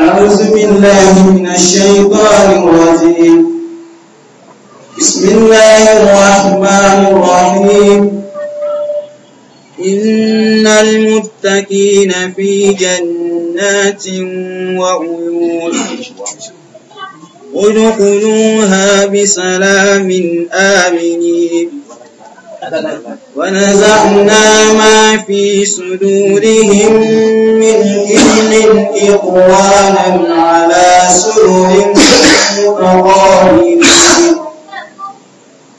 أعوذ بالله من الشيطان الرجيم بسم الله الرحمن الرحيم إن المتقين في جنات وعيون ادخلوها بسلام آمنين ونزعنا ما في صدورهم من إذن إقوانا على سرر متقابلين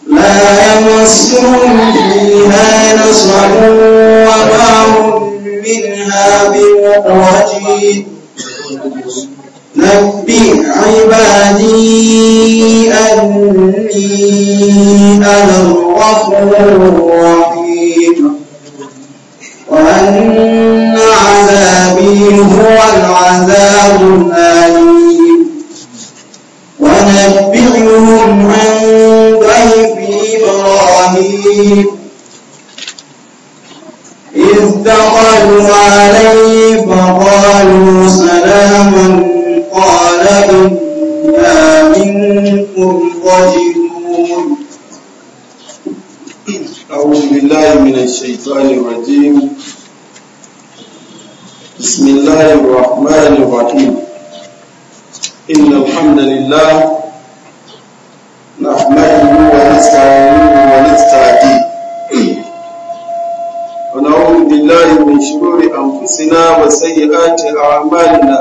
لا يمسهم فيها نصر وما هم منها بمقوتين نبئ عبادي أني أنا الغفور الرحيم وأن عذابي هو العذاب الأليم ونبئهم عن ضيف إبراهيم إذ دخلوا عليه فقالوا خالدون أعوذ بالله من الشيطان الرجيم بسم الله الرحمن الرحيم إن الحمد لله نحمده ونستعينه ونستهديه ونعوذ بالله من شرور أنفسنا وسيئات أعمالنا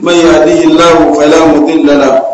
من يهده الله فلا مضل له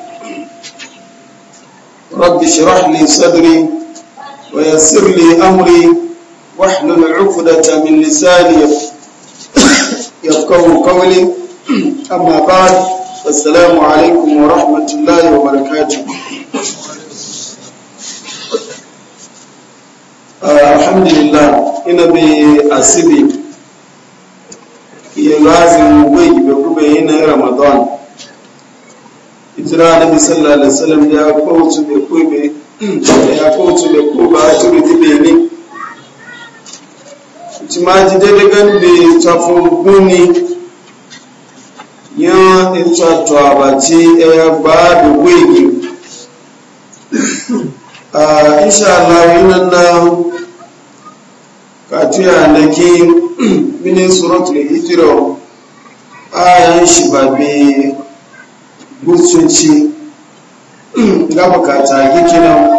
رب اشرح لي صدري ويسر لي أمري واحلل عقدة من لساني يفقه قولي أما بعد السلام عليكم ورحمة الله وبركاته آه، الحمد لله إن asibi أسيبي يلازم bai ibe هنا رمضان itira da misalla da salam ya kawace bai kobe ya kawace bai koba a turiti bai ne ci ma ji daidai gan bai tafo guni yan ita tuwa ya ba da wege a insha Allah nan na katuya na ke mini suratul hijira ayan shi ba gursunci ga bukata gikinan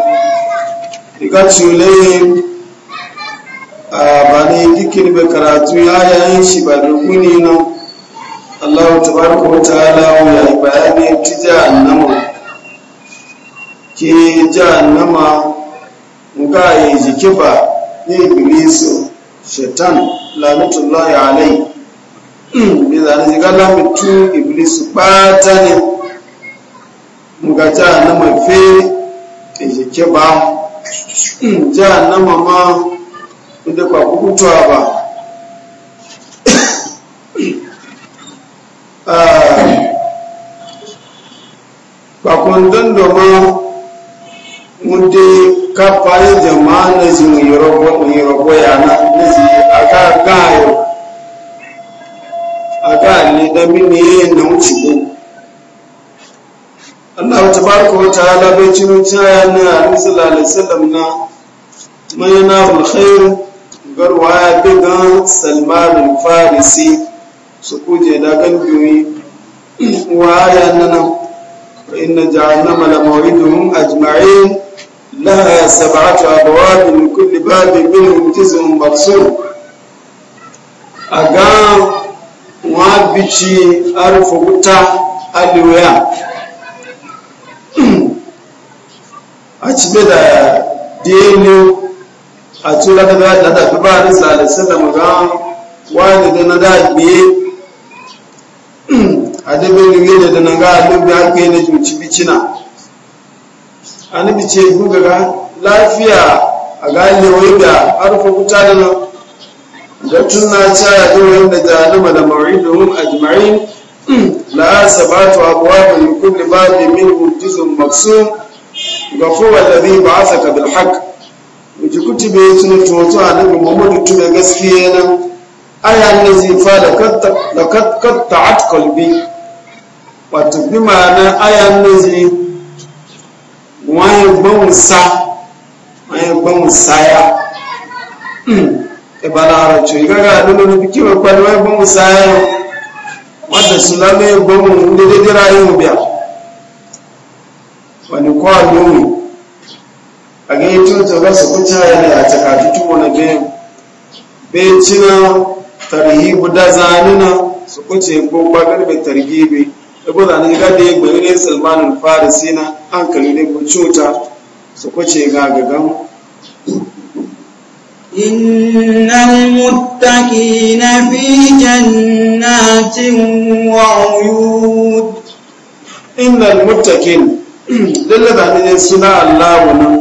A ba ne kikin bai karatu ya yayin shi ba da kuni nan allahu tabaraka ta ta'ala ya yi bayani ti jahannama ke ja jahannama ga yi jiki ba ne ibilisu shaitan lanatullahi alai bi zane jiga lamitu ibilisu ta ne ngata ah, na mafe ejike ba ja na mama inda ba kukutuwa ba bakon dandoma mude kapa ya jama'a na zin yorogbo ya na nazi aga gayo aga ne da mini na wuce Allah tabaraka wa ta'ala bai cinu caya na Annabi sallallahu alaihi wasallam na mayana ul khair garwa ya biga Salman al Farisi su kuje da kan biyu wa ya nana fa inna jahannama la maw'iduhum ajma'in laha sab'atu abwab min kulli babin minhum juz'un maqsur aga wa bici arfu wuta aliwa a bai da dna a tura da da da fi ba ni salisa da muga wani da na da biye a da bai da na ga lubi haka yi na juci bicina a ni bice guga ga lafiya a gane wai da harfa kuta da nan da tun na ci a yi wani da jalima da ma'idomin ajma'in la sabatu abuwa da kulli babu min hujjizun maksum gafuwa da zai ba a ka bilhak wuce kutube suna toto a nabi muhammadu tube gaskiya nan aya na zifa da katta a kalbi wato bi ma'ana aya na zai wayan gbansa wayan gbansa ya ibana aracho igaga nuna wayan kwalwa gbansa ya wadda sulamai gbansa da daidai rayu biya wani kwa nomi a ga tunta zaga su kuta yana a takatu tuwo na bayan bayan cina tarhibu da zanina su kuce ko gbogbo garbe targibi ibu zanen gada ya gbari ne salmanin farisi na hankali ne ku cuta su kuce gagagan إن المتقين في جنات وعيون إن المتقين lalle zaɓe ne suna allahu nan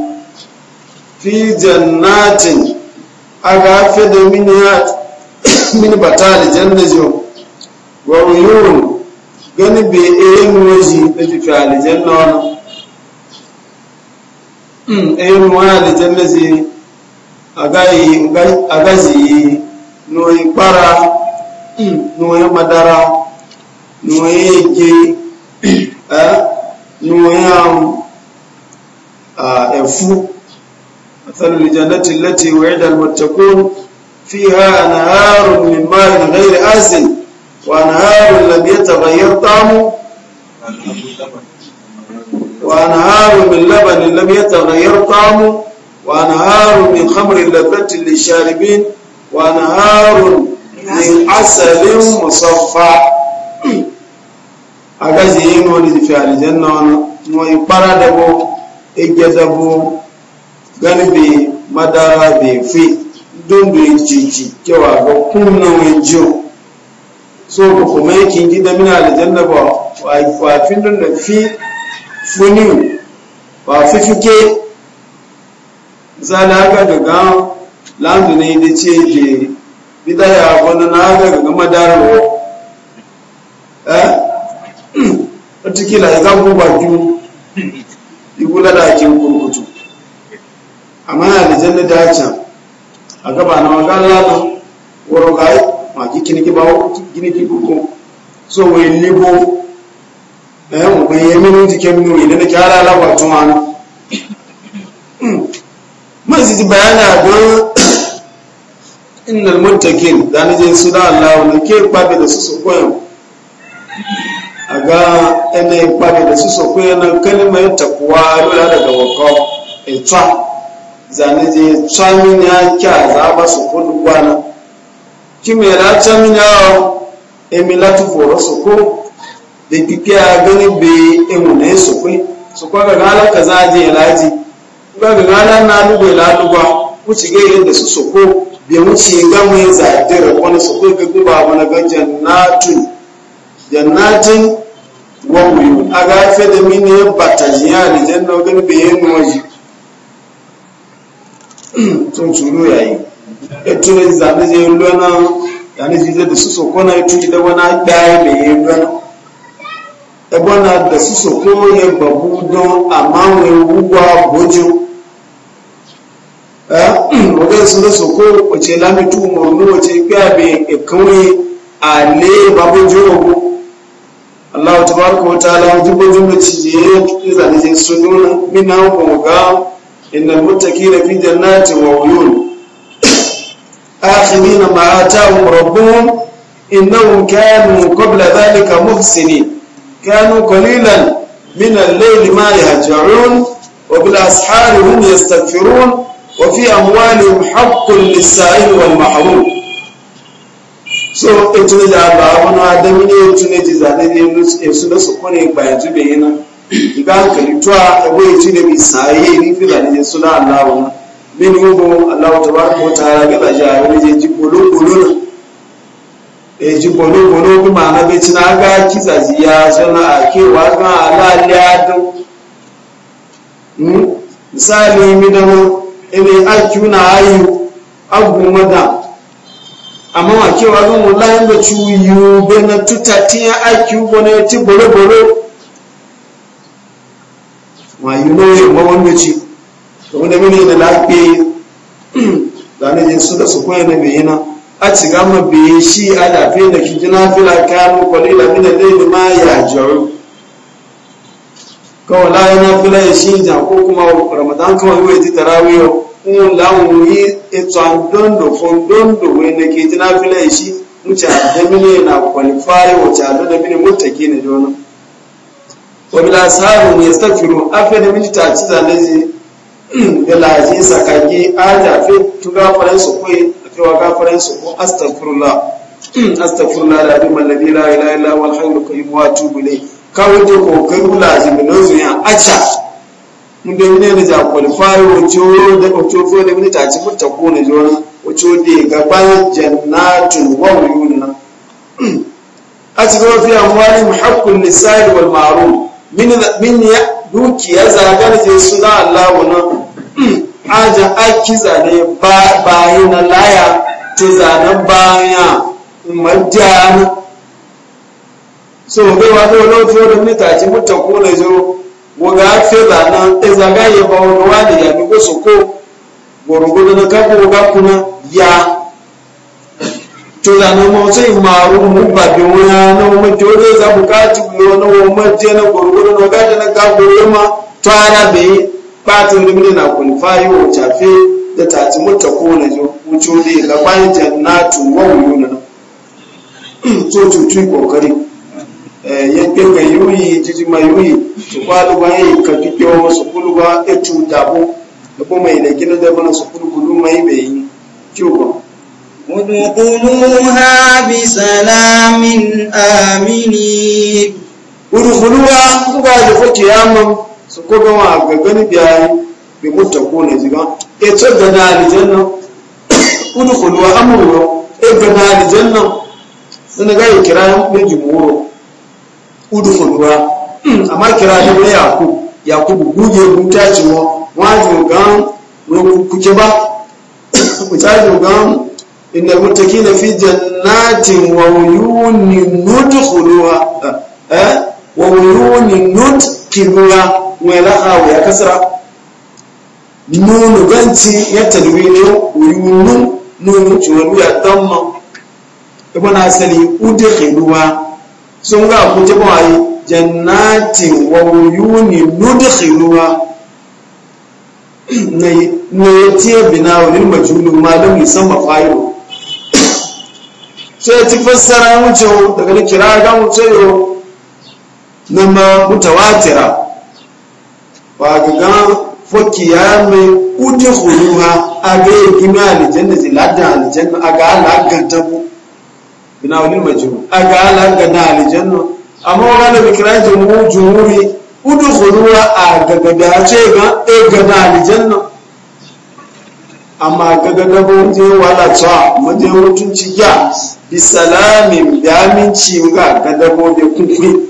fi jannatin a gafe da mini bata batali jannajo wa uyurun gani bai e eyin waje da tafi alijanna wani eyin wani alijanna zai a gazi noyi kpara hmm, noyi madara noyi eke eh, نويام أفو مثل الجنة التي وعد المتقون فيها أنهار من ماء غير آسن وأنهار لم يتغير طعمه وأنهار من لبن لم يتغير طعمه وأنهار من خمر لذة للشاربين وأنهار من عسل مصفى agazi yino ni fi aljanna wana mo ipara da bo ejeza bo gani bi madara bi fi dundu ijiji kewa ga kunna o so ko kuma yake ji da mina aljanna ba wa fa fi dun da fi funi ba fi fike zala ga daga landu ne da ce ke bidaya wannan na ga ga madara watakila ya za ku bakin igula da ake kurkutu amma ya da janna da hacca a gaba na magana na wuro ga yi ma gikin giba gini gibuku so wai libo da yan ubai ya minu jikin nuri da na kyara labar tumana masu bayana don innal muttaqin da na je su da Allah ne ke kwabe da su su koyo Aga ene kpari da su sokwe na kalimar takuwa lura daga wako etwa zane je tsamin ya kya za ba su kudu gwana kimera tsamin ya emila tuforo soko da kike a gani be so ko so ko ga gala ka za je laji ga ga gala na be la ku ci ga yadda su soko mu ci ga mu za dira so ko ga guba na ga jannatu jannatin wawu aga fe da mini ya bataji ya ni jan na ogun beye nuwaji tun tulu yayi ya tuna zane je lona yani jize da su soko na tuji da wani daya beye lona ebona da su soko ya babu don amma wani wugwa bojo wadda e, su da soko wace lamitu mawani wace biya bai e kawai ale babu jirogo الله تبارك وتعالى يجيب جملة سيئة إذا نجسدون منها وقام إن المتكين في جنات وعيون آخرين ما آتاهم ربهم إنهم كانوا قبل ذلك محسنين كانوا قليلا من الليل ما يهجعون وبالأسحار هم يستغفرون وفي أموالهم حق للسائل والمحروم so etune ja ba wani adami ne etune ji zane ne esu na su kone gbayanci bai yana kari hankali a ebe eti ne bi saye ni fila ne su na alawo na mini ugu alawo to ba ko tara ga baje a wani je ji bolobolo na e ji bolobolo kuma na bai ci na ga kisa ziya suna a kewa ga alaliya don hmm? misali mi da mu ebe akiyu na ayu abu madan amma wa kewa zan wula yin da cuyu be na tutatiyan aiki ubo na ya ti boro-boro wa yi yi ma wanda ci to wanda mini da lafi da na yin su da su koya na yana a ci gama baye shi a lafi da ki jina fila kanu da mina laili ma ya jaru kawai la yana fila ya shi jan ko kuma ramadan kawai wai ti tarawiyo ń láwọn yí ètò àdóńdò fún dóńdò wẹ́n ní kí tíná fílẹ̀ ìṣí mútì àdẹ́mílẹ̀ na kwalifáyé wọ̀tí àdọ́dẹ́mílẹ̀ mọ́tẹ̀kí ní jọ́nà wàbílá sáàrùn ní ẹ̀sẹ̀fìrò afẹ́ni mílítà títà lẹ́sí da laji sakage aja fi tuga faran su kwe a fi faran su ko astagfirullah da abin mallabi la ilaha illa wal hayyul qayyum wa tubu ilayh kawo je ko garu ya acha mbe wune ne za kwalifai wato da kwalifai da wune ta ci furta ko ne zuwa wato da gaban jannatun wa wuyuna a cikin mafi amfani muhakkun lisa'ir wal maru. min min ya dukiya zagar je suna Allah wannan aja aiki zane ba bayi na laya to zanen baya majjani so bai wato lokaci da mutaci mutta ko ne zuwa wanga feza na ezaga ye ba wani wani ya bi soko gwargwado na kabo ga kuna ya to da na mawasa yi maru mu ba bi wani na mamaje wani za bukati bulo na mamaje na gwargwado na gaji na kabo yamma tara bai batin rimini na kwalifayi wa tafe da tati mutta ko na jo wuce wani ga bayan jannatu wa wuyuna na to tutu kokari yẹgbẹ́ kan yóò yí títí ma yóò yí ṣùgbọ́n àdúgbò ayé kan pípẹ́ ọmọ sọ̀kúlù wa ètò ìdàbò ẹ̀kọ́ mọ ilẹ̀ kí ló dẹ́gbọ́n náà sọ̀kúlù kò ló mọ ibẹ̀ yìí tí ó gbọ́n. udukuluha bi salamin amini. udukuluha kuka da kuke yamma su ko gama a gaggani biyayi bi mutta ko ne zigan eto gana alijanna udukuluha amuru e gana alijanna sun ga ikirarin bin jimuru udkhul wa amma kira da wani yakub yakub guje buta ci wo wajo gan roku kuke ba ku tajo gan inna muttaqina fi jannatin wa uyunin nudkhuluha eh wa uyunin nudkhuluha wela awo ya kasra nunu ganci ya talwini uyunun nunu ciwalu ya damma ibn asali udkhiluha sun ga ku ta yi, jannati wa uyuni nudkhiluha na yatiya bina wa lil majnun ma lam yusamma fa'ilu sai ti fassara wuce daga ni kira ga wuce yo na ma mutawatira wa ga foki ya me udkhiluha aga gima aljanna zilada aljanna aga laganta mu bina wani majuru a ga ala ga na alijanna amma wani da bikira jimu jumuri udu khuduwa a gagada ce ga e ga na alijanna amma ga ba je wala tsawa maje mutunci ya bi salamin da aminci ga gadabo da kunkuri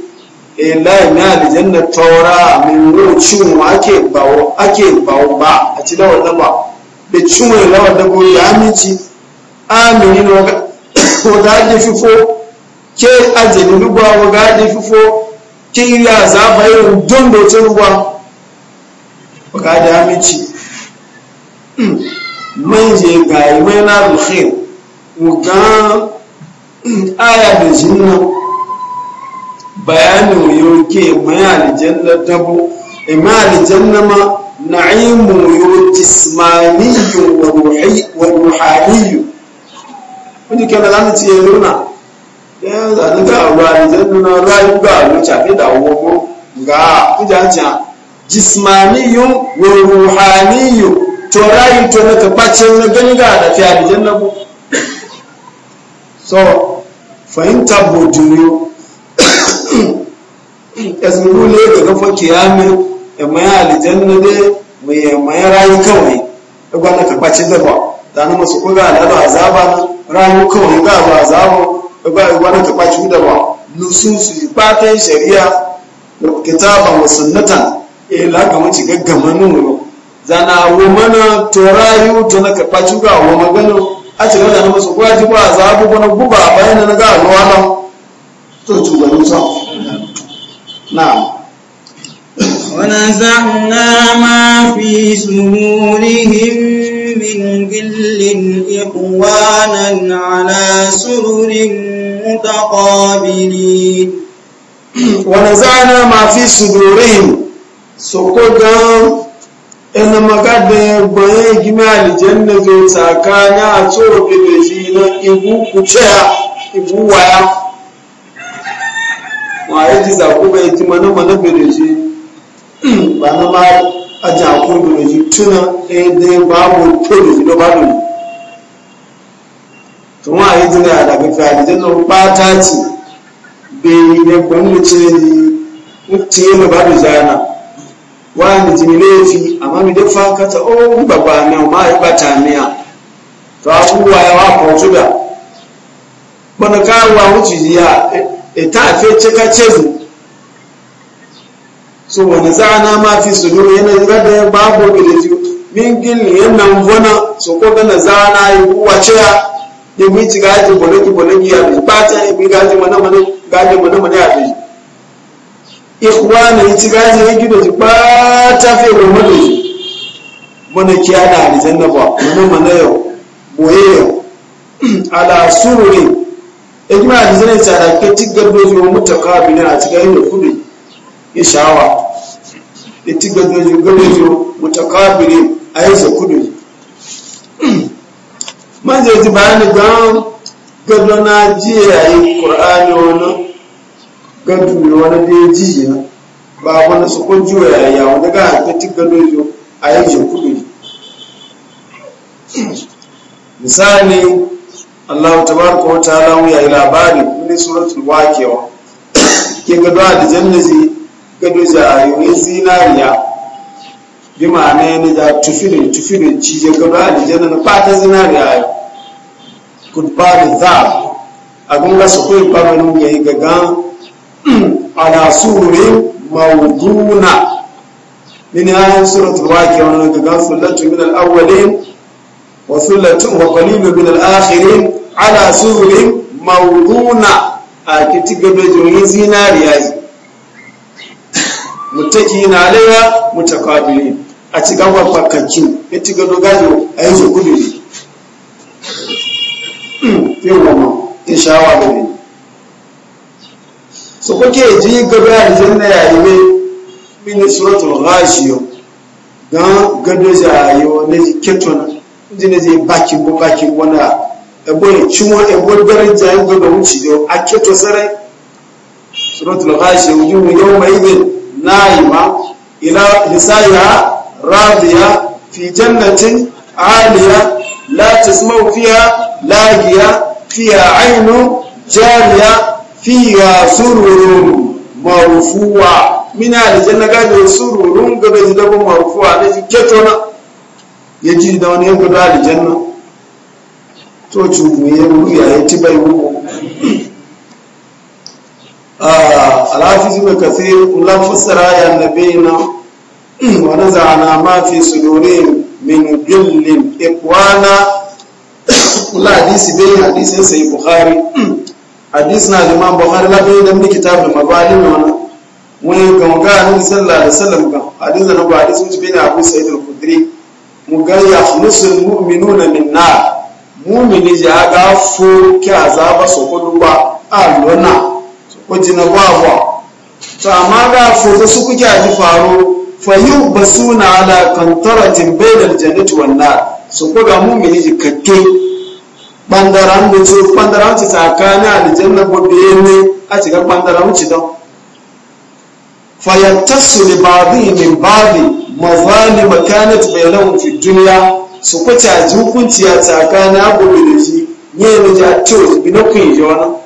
e lai na aljanna taura min rocin ake bawo ake bawo ba a ci lawar daba da cin lawar dabo ya aminci amini na wagaje fufo ke ajeli lugwa wagaje fufo ke iya zaba yi don doce lugwa wagaje aminci manje hmm. gayi mai na rufe wugan hmm, aya da jinna bayanin yoke mai aljanna dabo mai aljanna ma na'imu yau jismaniyu wa ruhaniyu wani kẹlẹ láti ti ẹrú náà yẹn nígbà àwọn àìjẹnu náà ráyú gbà ló ṣàfihàn àwọn ọmọ nga kújà jà jismaniyu wa ruhaniyu to rayu to na kabacin na gani ga da fi alijan na bu so fahimta bojuriyo yasmuru ne ga gafa kiyami ya maya alijan na dai mai maya rayu kawai ya gwada kabacin da ba da na masu kuga da azaba na ranar kawai ga ba za mu ba wani ka kwaci da ba nususu fatan shari'a kitaban wa sunnatan eh la ga mun ci gaggamanu zana wo mana torayu to na ka kwaci ga wo magana a ci gaba da musu kwaci ba za mu wani guba bayan na ga alwala to ci gaba ونزعنا ما في صدورهم من ظل إخوانا على سرر متقابلين ونزعنا ما في صدورهم سقوطا ina magada ya bayan gima aljanna zai tsakani a da shi na ibu kuciya ibu waya ma yi ji zaku aja akodo e, na ji tuna ede babu todo da dobado ni to ma yi tuna a ga fa da no pata ci be ne kwanu ce ni mutti ne babu jana wani ni ji lefi amma mi da fa ka ta o baba na ma yi bata ne a to abuwa ya wa ko da bana kawo wuci ya e, e ta fe ce ka cezu so wani za'ana ma fi su duru yana ya babu iliju min gilli yana vona so ko gana za'ana yi kuwa ya ya mi ci gaji bolaki bolaki ya bi bata ya bi gaji mana mana gaji mana mana ya bi ikhwana yi ci gaji ya gido ji bata fi wa mana yi mana kiya da na ba mana mana yau boye yau ala sururi ejima aljanna ta tsara ke ci gado mutaka wa ne a cikin yin kudi ya sha'awa da tiga dojin mutu mutakabiri a yi zakudu man zai ji bayani don gado na a yi ƙur'ani wani gado ne wani da ya jiye ba wani su kun jiwa ya yi yawon daga haka tiga dojo a yi zakudu misali Allah ta tabaraka wa ta'ala ya yi labari ne suratul wakewa ke gado da jannazi gado jayoyin zinariya bi ma'ana yana da tufi tufirin cije gado alijana na fata zinariya yau da za a gunga su kuyi famanin ya yi gagan ala surin mawuduna min ayin suratul waqi'a wannan gagan sullatu min al-awwalin wa sullatu wa qalilun min al-akhirin ala surin mawuduna a kiti gado jayoyin zinariya yau muttaqina alaiha mutaqabilin a cikin gaba fakakkin ya ci gado gado a yi zukuri ne fi hmm, goma in shawa da ne su kuke ji gado ya jin na yayi ne mini suratul ghashiyo don gado jayo na ketona ji na je bakin bu bakin wana ebo ya cimo ebo daraja ya gado wuce da a keto sarai suratul ghashiyo yi mu yau mai yin na'ima ila hisaya radiya fi jannatin aliya la tasma'u lagiya fiha 'aynu jariya fiha sururun marfuwa min aljanna gadu sururun gaba jidabu marfuwa da ketona da wani yanku da aljanna to chu mu yayi ruya yati bai wuko alhafiz ibn kathir kullum fassara ya nabiyina wa naza'ana ma fi sudurihim min gillin ikwana kula hadisi bai hadisin sai bukhari hadis na liman bukhari labe da mu kitabul mabalin wannan mun ga ga annabi sallallahu alaihi wasallam ga hadis da ba hadis mutum abu sa'id al-khudri mu ga ya khulusul mu'minuna min nar mu'mini ya ga fu ki azaba su ba a lona wajen gwagwa to amma ga foto su kuke ji faru fayu basuna ala kantaratin bainal jannati wan nar su mu mai mu'mini kake bandaran da su bandaran ci tsakanin aljanna gobe ne a cika bandaran ci don fayattasu li ba'dhi min ba'dhi mazalim kanat bainahum fi dunya su ko ta ji hukunci a tsakanin gobe da shi ne ne ja to bi na kun yi wannan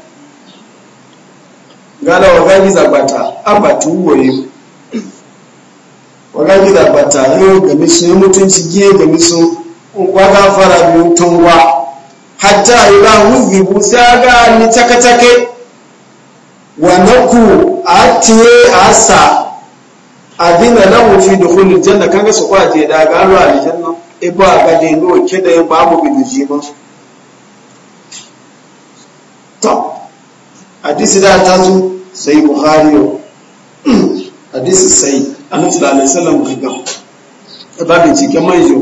ngala waganiza bata abatu woyo waganiza bata ga miso yo mutunci giye miso waka fara bi tunwa hatta yi ba ila muzibu ga ni takatake wane ku a a tiye sa a dina na wufi da dukhulil janna kaga su kwa je da ga ruwa janna e ba ga de no ke da ba mu bi duji ba to hadisi da ta zo sai buhari yau hadisi sai annabi sallallahu alaihi wasallam gaga ba bincike mai yau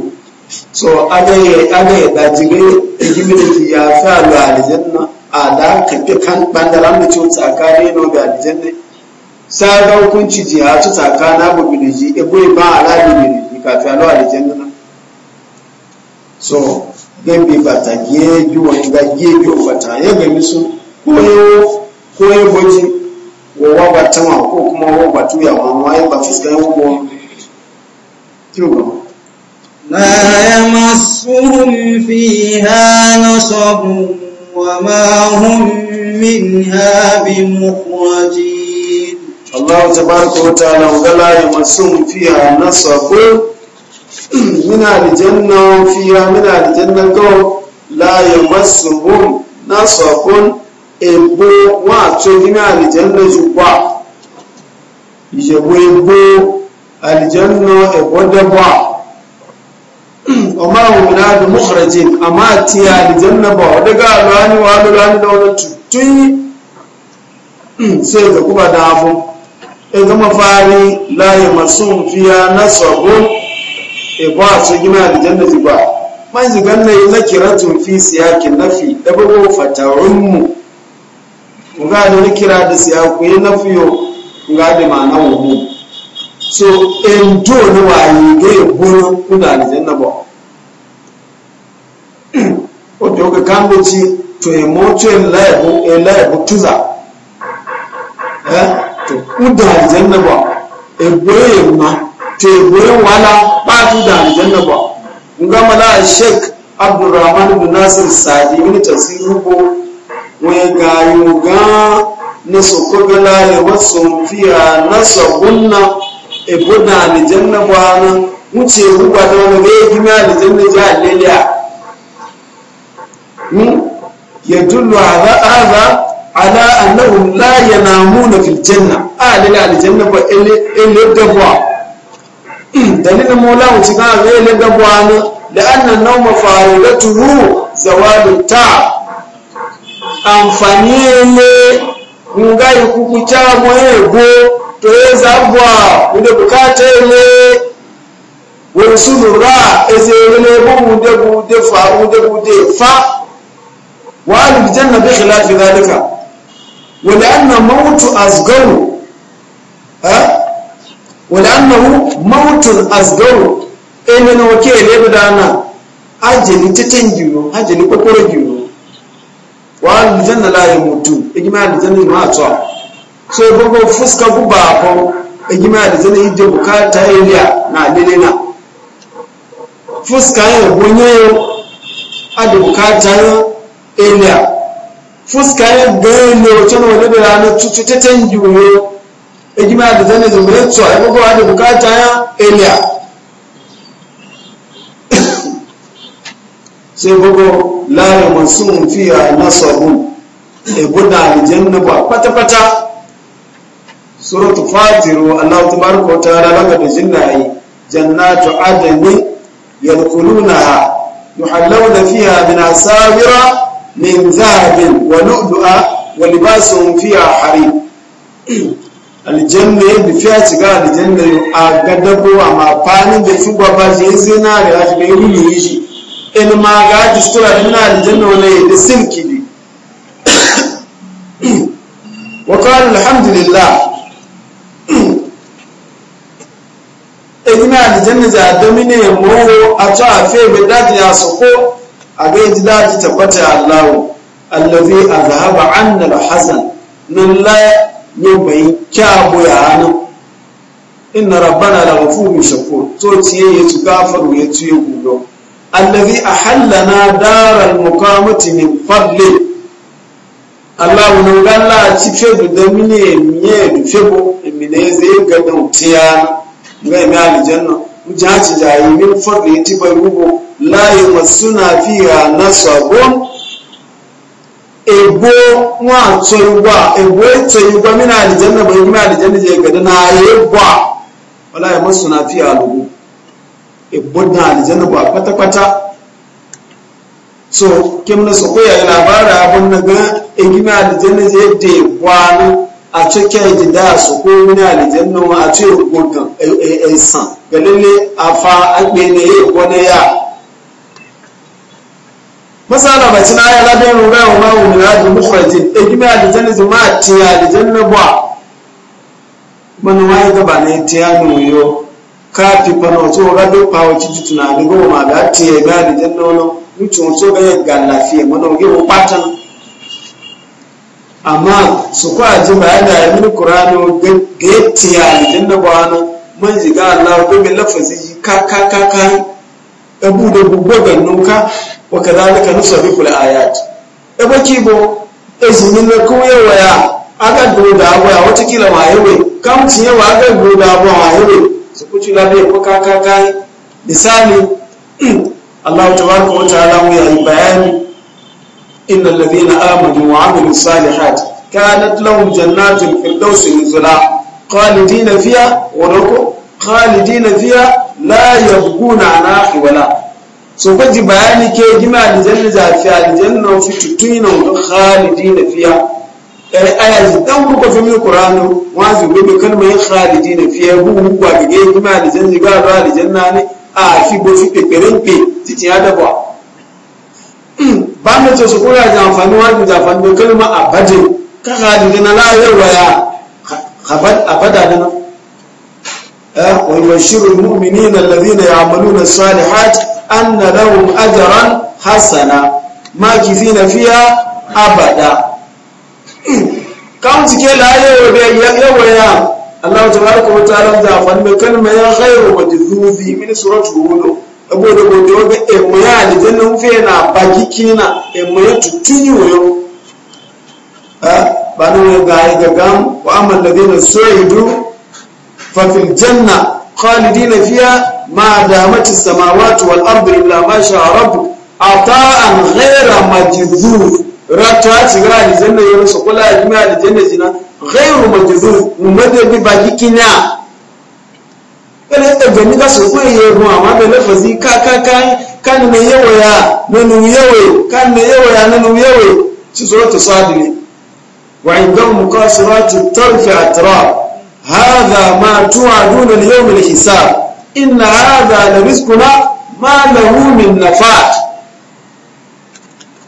so aga ya aga ya daji ga igimi da ya fa lu aljanna a da ka fi kan bandaran da cewa tsakani no ga aljanna sa ga hukunci ji ha ci tsakana bu biliji e boy ba ala bi ni, ka fi alu aljanna so gẹ́gbẹ́ bàtà gẹ́ẹ́jú wọn ìgbà gẹ́ẹ́jú ọ̀bàtà ayẹ́gbẹ̀mí sún koyo, koyo bọ́jí wọ́wọ́ bá tán wọn kó kúmọ́ wọ́n bá tó yàwọn àwọn ayébà fi ṣe ọgbọ́n tí ó gbọ́n. láyé máa súnmù fi ha lọ́sọ̀bù wà máa hún mí níhábí mú kúrọ́jì. aláwọ̀ tí bá ń kó ta àwọn ọ̀gọ́lá yìí máa súnmù ebo wọn àtúndínní àlìjẹ́nà ju pa ìṣẹ̀wò ebo àlìjẹ́nà ẹ̀bọ́dẹ́bọ́ ọmọ àwọn òmìnira àdùn mọ́kànlẹ́jì àmọ́ àti àlìjẹ́nà bọ̀ ọ̀dẹ́gà lọ́wọ́ wà lọ́wọ́ lọ́wọ́ tuntun sai ga kuma da abu in zama fari laye masu fiya na sabo e ba su gina da jannati ba na yi na kiratun fi nga da ni kira da siya ku yi nafiyo nga da ma'ana wuhu so in do ni wayi ga ya bono kuna aljanna ba o to ga kambo ci to yi mo to e laibu e laibu tuza eh to kuda aljanna ba e yi ma to yi boye wala ba tu da na ba nga mala sheik abdurrahman bin nasir sadi wani tafsirin ko wai gayu ga na sokogala ya wasu fiya na sabunna ebuna alijanna bwana wuce ruba da wani zai gina alijanna ji aliliya hmm? ya dullu a za'aza ala annahum la yanamuna fil janna alila alijanna ba ele dabwa hmm, dalilin mola wuce ga ele dabwa da ta amfani ne ngai kukuta mwego toeza bwa ude bukata ele wensulu ra ezeyele bu bude fa bu bude fa wa aljanna bi khilafi dhalika wa lianna mautu azgaru ha wa liannahu mautun asgaru enene wakele budana ajeli tetengiwo ajeli kokoro giwo wa aljanna la yamutu igima aljanna ma atwa so bogo fuska ku ba ko igima aljanna ide bukata iliya na lelena fuska ya bonye ade bukata iliya fuska ya gane wachono wale bela na tututetenjuyo igima aljanna zumretwa bogo ade bukata iliya. sai bugo laye masu fiya nasarun ebuna aljanna ba kwata-kwata suratu fatiru allahu tabaraka wa ta'ala laka da jinnayi jannatu adani yadkhulunaha yuhallawna fiha min asawira min dhahabin wa lu'lu'a wa libasuhum fiha harir aljanna ya bi fiya ciga aljanna a gadabo amma fanin da tuba náà je àti shi da yi yìí. in ma ga jistura da muna aljanna wani da silki ne wa kawai alhamdulillah egina eh, aljanna za da mine moro a to a fe bai daji ya soko a ga ji daji tabbata allahu allazi azhaba anna alhasan nan la yabai kyabu ya hanu inna rabbana la ghafurun shakur to ciye ya tuka faru ya tuye gugu allazi ahallana daral muqamati min fadli allah no galla ci febu da ya miye du febu mine zai ga dan tiya ga mi aljanna mujaci jayi min fadli ti bai rubo la yamassuna fiha nasabun egbo wọn àtọ igba egbo ètò igba mina aljanna bai mina aljanna je ga dan aye gba wala yamasuna fiha lugu ibodna aljanna ba kwata kwata so kim na so koya labara abun na ga igina eh, aljanna zai da ta kwano a cikin jida su ko ni aljanna ma a ce gogan eh, eh, ne galile afa agbe ne wani ya masala ba cin aya labin ruga wa ma wa mirajin mukhrajin igina aljanna zuma tiya aljanna ba man waye ga ba ne tiya nuyo kafi fana wato gado pa wato ji tunanin goma ma da ta yi gari jan nono wuce wato ga yin ga lafiya mana wage wa patan amma su kwa ji ba yana yi mini kurano ga ya tiya lijin da gwana man ji ga Allah ko mai lafazi ji ka ka ka ka abu da gugu ga nuka wa ka za ka nusa bi kula ayat da baki bo ezinin na kuma yawaya aga doda waya watakila ma yawai kamcin yawa aga doda waya yawai su kuci labe ko kaka kai misali Allah tabaraka wa ta'ala ya yi bayani innal ladhina amanu wa amilus salihat kanat lahum jannatul firdaus nuzula khalidina fiha wa rako khalidina fiha la yabghuna anha wala so ko ji bayani ke gima aljanna zafi aljanna fi tutuna khalidina fiha aya ji ɗan ku ko fimi qur'anu wa zu bi kalmar khalidin fi yabu wa bi ge kuma da janni ga ba da janna ne a fi bo fi peperin pe titi ya dabwa ba mu ce su kura da amfani wa da amfani da kalmar abade ka khalidin la yarwa ya khabad abada da ويبشر المؤمنين الذين يعملون الصالحات أن لهم أجرا حسنا ماكثين فيها أبدا kan cike layewa da yawa ya Allah baraka wa ta'ala da fanna kalma ya khairu wa dhuzi min surati hud abu da go da ga e mu ya ni dan nan fe na baki kina e mu ya tutuni yo ha ba ne ga ga gam wa amma ladina su'idu fa fil janna khalidina fiha ma damat as-samawati wal ardu illa ma sha'a rabbuk ata'an ghayra majzuz ratuwa shigar alijanna yana su kula a jima alijanna jina ghairu majzuz mumadabi baki kina kana yadda gani ka yi koyi yego amma da lafazi ka ka ka kan ne yawaya nanu yawaye kan ne yawaya nanu yawaye ci suratu sadri wa indam muqasirati tarfi atrab hadha ma tu'aduna liyawm alhisab inna hadha la rizquna ma lahu min nafat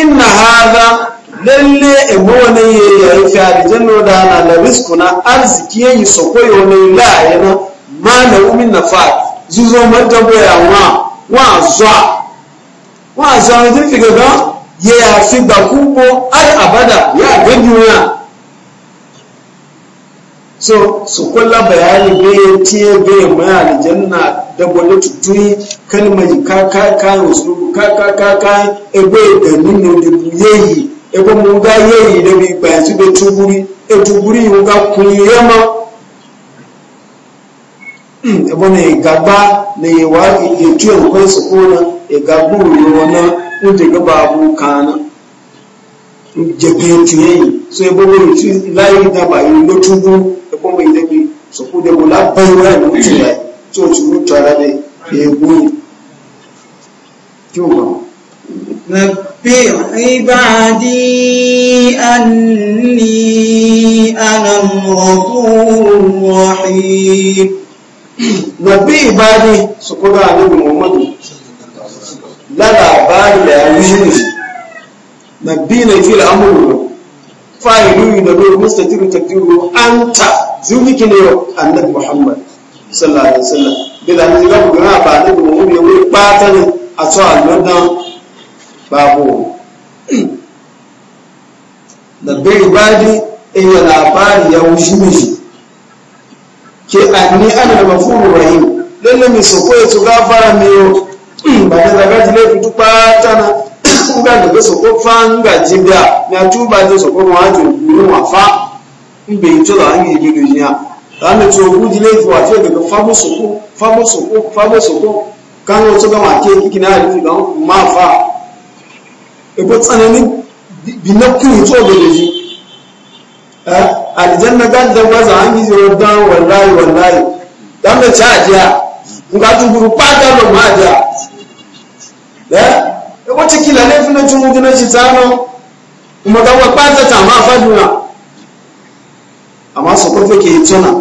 inna hadha lalle ebo wani ya yayi fi alijanna da na la risku na arziki ya yi sokoyo ne la yana ma na umin na fa zuzo mata boya wa wa zwa wa zwa ne fi gaga ya fi bakubo al abada ya gani so su kulla bayani bai tiye bai mai aljanna da wani tutuni kalmar ka ka ka wasu ka ka ka ka ebe da nino da yeyi ebe mun ga yeyi da bi ba su da tuguri e tuguri mun ga kunyema hmm, ebe ne gaba ne wa e tiye ko su kona e gabu ne wana unje ga kana je pe tiye so ebe ne ti lai da ba yi lo tuguri ẹgbọ́n ìdẹ́ bí sọ̀kúndẹ̀wò láàrín ìwọ̀n Lára àbáyé àwọn ìṣẹ́lẹ̀ ìṣẹ́lẹ̀ ìṣẹ́lẹ̀ ìṣẹ́lẹ̀ fa'ilu da ruwa mustatiru takdiru anta zuwiki ne annabi muhammad sallallahu alaihi wasallam bi da ni gabu ga ba da mu mu ne wai bata ne a to alwadan babu da bai badi in ya labari ya wuce mishi ke anni ana da mafuru rahim lalle mai so ko ya gafara ne yo ba da gaji ne fitu na sunga daga soko fa nga jibya na tuba je soko wa fa to le daga fa fa fa kan wo ga ma ke kiki na ri ga ma fa e ko tsanani binakku to da ji eh aljanna ga da waza an gizo dan wallahi wallahi dan da cha ga pa da ma eh wata kila laifin na cin hudu na ci tsano kuma ga wa ɓata ta ma faduna amma su kwafe ke tuna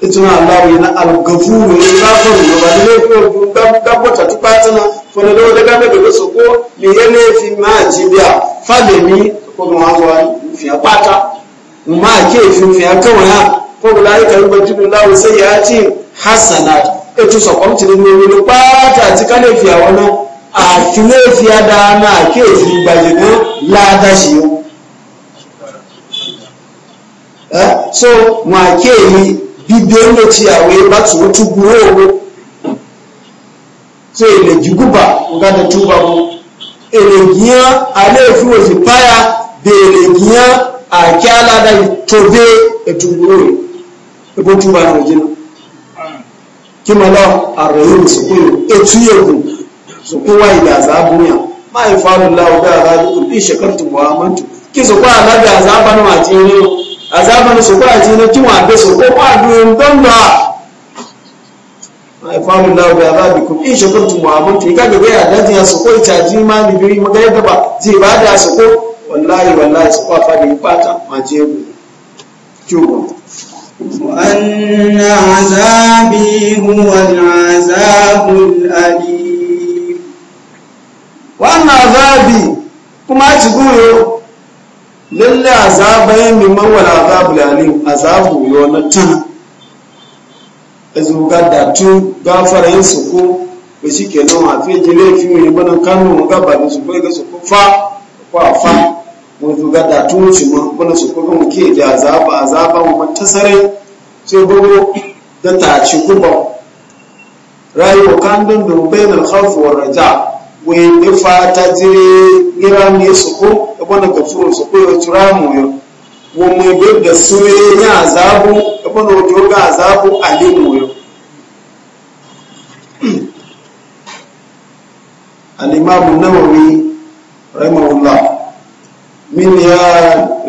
ituna allahu yana algafuru ne zafin da ba ne ko gabata ta ɓatana fana da wata gabe da su ko ne ya ma a jibiya fadami ko ga mazuwa fiya ɓata ma a ke fi fiya kawai ha ko ga layi ka rubar jibin lawo sai ya ce hasana ita sakwamci ne ne wani ɓata ci kane fiya wannan àti léèfì adáná àkéèfì gbajúmọ́ ládàṣì ó so wọn àkéèyí bíbí ẹlòtí àwọn ibà tó ó tún gbúrò owó so èlè jùgùbà nǹkan tó bá èlè gíyàn àléèfì òfin páyà bèèlè gíyàn àkẹ́ aládàṣì tó dé ètò gbúrò yìí ebó tún bá kí mo lọ so kowa yi da azabun ya faru lawo da azabu ku bi wa amantu ki kwa da azaban ma ce azaban so kwa ce ne ki wa be ko kwa duyin don da ma faru lawo da azabu ku wa ka ga ya daji ya so ko caji ma ni biri ba ji ba da so ko wallahi wallahi so kwa fa da fata ma je ku وأن عذابي هو العذاب الأليم wannan azabi kuma ci goyo lalle azabai min mawala azabu lalim azabu yo na tun zuga da tun gafara yin su ko ba shi ke nan wafi fiye jire mai mana kanu ga gaba da su kai ga su ko fa ko a fa mu zuga da tun shi mu bana su ko ga mu ke da azaba azaba mu matasare sai gogo da ta ci kuba rayuwa kan don da bainal khawf war raja' wende fata tiri giramu yesuku ebona gafuru nsuku yo turamu yo womwe bega suwe nya azabu ebona ojoga azabu alimu yo alimamu nawawi rahimahullah min ya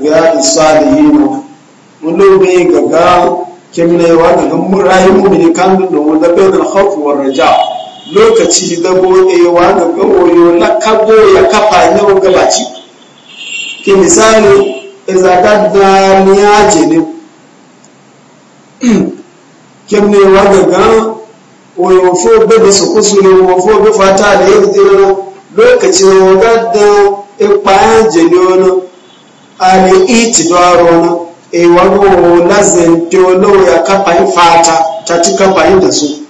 riyadu salihin mulobe gaga kemne wa daga murayi mu ne kan da wanda bayan khawf war raja' lokaci da godewa ga gawoyo na kago ya kafa ne ga ke misali izaka da je ne kemne wa gaga oyo fo be be so kusule wo fo fata da yidi no lokaci wo ga da ya e je ne ono ne iti do arona e wa go lazin pe olowo ya kafa fata tati kafa da su